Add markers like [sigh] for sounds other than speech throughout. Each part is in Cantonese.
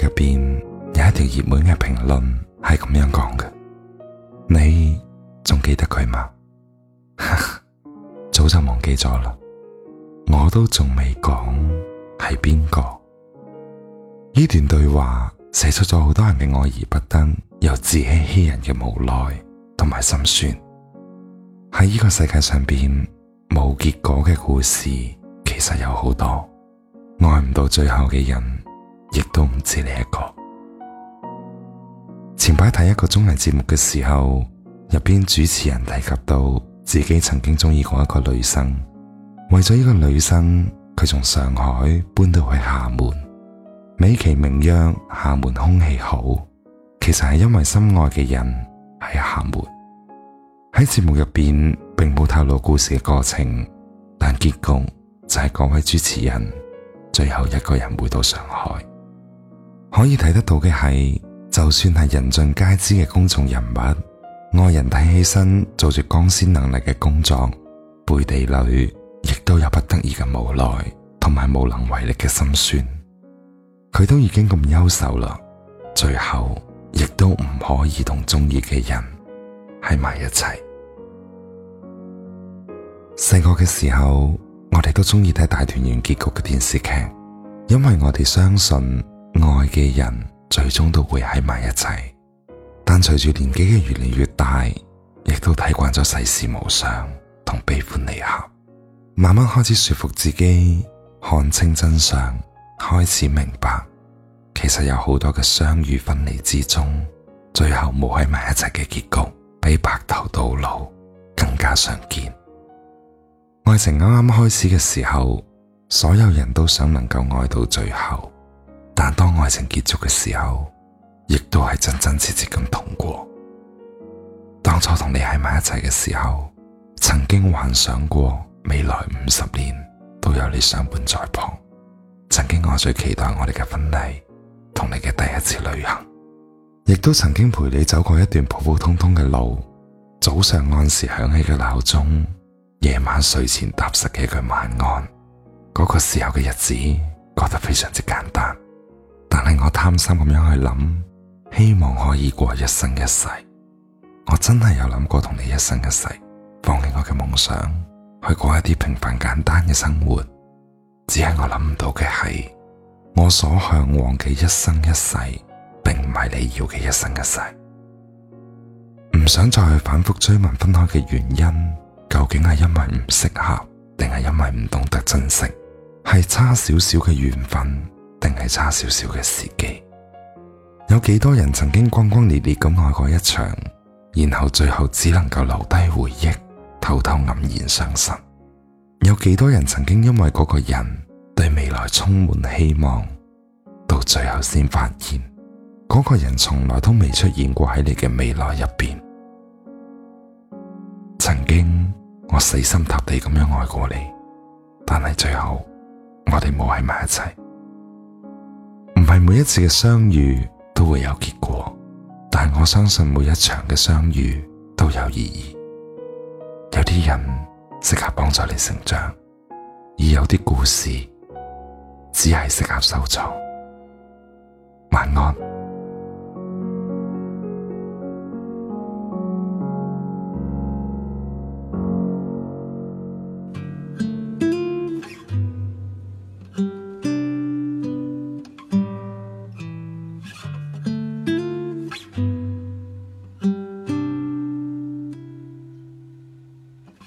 入邊有一條熱門嘅評論係咁樣講嘅，你仲記得佢嗎？ [laughs] 早就忘記咗啦，我都仲未講係邊個。呢段對話寫出咗好多人嘅愛而不得，又自欺欺人嘅無奈同埋心酸。喺呢個世界上邊，冇結果嘅故事其實有好多，愛唔到最後嘅人。亦都唔止你一個。前排睇一個綜藝節目嘅時候，入邊主持人提及到自己曾經中意過一個女生，為咗呢個女生，佢從上海搬到去廈門，美其名曰廈門空氣好，其實係因為心愛嘅人喺廈門。喺節目入邊，並冇透露故事嘅過程，但結局就係嗰位主持人最後一個人回到上海。可以睇得到嘅係，就算係人盡皆知嘅公眾人物，外人睇起身做住光鮮能力嘅工作，背地裏亦都有不得已嘅無奈同埋無能為力嘅心酸。佢都已經咁優秀啦，最後亦都唔可以同鍾意嘅人喺埋一齊。細個嘅時候，我哋都鍾意睇大團圓結局嘅電視劇，因為我哋相信。愛嘅人最終都會喺埋一齊，但隨住年紀嘅越嚟越大，亦都睇慣咗世事無常同悲歡離合，慢慢開始說服自己看清真相，開始明白，其實有好多嘅相遇分離之中，最後冇喺埋一齊嘅結局，比白頭到老更加常見。愛情啱啱開始嘅時候，所有人都想能夠愛到最後。但當愛情結束嘅時候，亦都係真真切切咁痛過。當初同你喺埋一齊嘅時候，曾經幻想過未來五十年都有你相伴在旁。曾經我最期待我哋嘅婚禮，同你嘅第一次旅行，亦都曾經陪你走過一段普普通通嘅路。早上按時響起嘅鬧鐘，夜晚睡前踏實嘅一句晚安，嗰個時候嘅日子覺得非常之簡單。但係我貪心咁樣去諗，希望可以過一生一世。我真係有諗過同你一生一世，放棄我嘅夢想，去過一啲平凡簡單嘅生活。只係我諗唔到嘅係，我所向往嘅一生一世，並唔係你要嘅一生一世。唔想再去反復追問分開嘅原因，究竟係因為唔適合，定係因為唔懂得珍惜，係差少少嘅緣分。定係差少少嘅時機。有幾多人曾經轟轟烈烈咁愛過一場，然後最後只能夠留低回憶，偷偷黯然傷神。有幾多人曾經因為嗰個人對未來充滿希望，到最後先發現嗰個人從來都未出現過喺你嘅未來入邊。曾經我死心塌地咁樣愛過你，但係最後我哋冇喺埋一齊。唔係每一次嘅相遇都會有結果，但係我相信每一場嘅相遇都有意義。有啲人適合幫助你成長，而有啲故事只係適合收藏。晚安。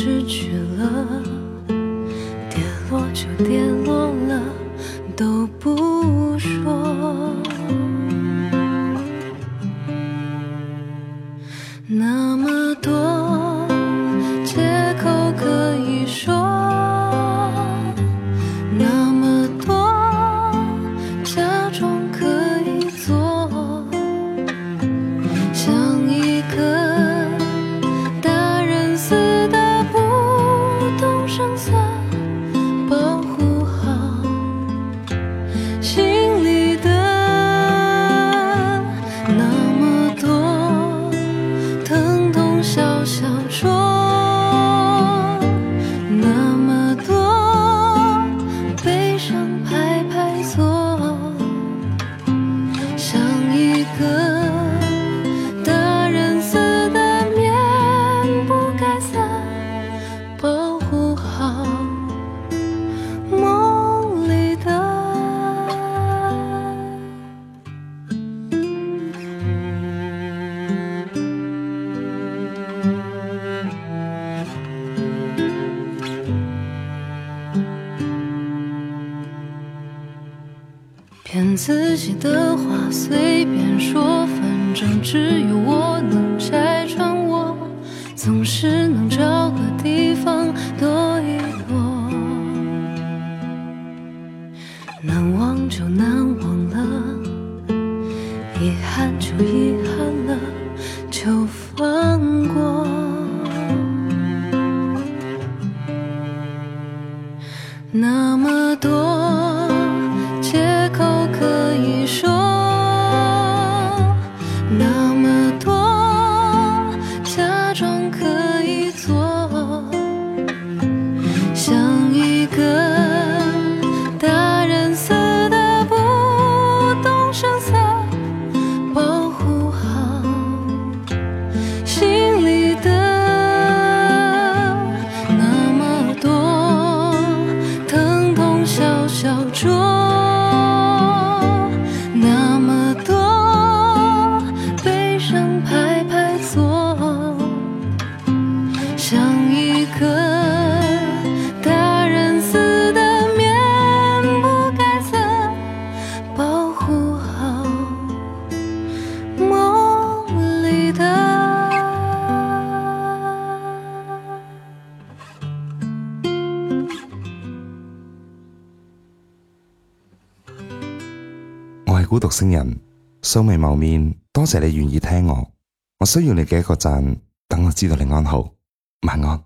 失去了，跌落就跌落。心的話隨便說，反正只有我能。像一個大人似的面不改色，保護好夢裏的。我係孤獨星人，素未謀面，多謝你願意聽我。我需要你嘅一個讚，等我知道你安好。晚安。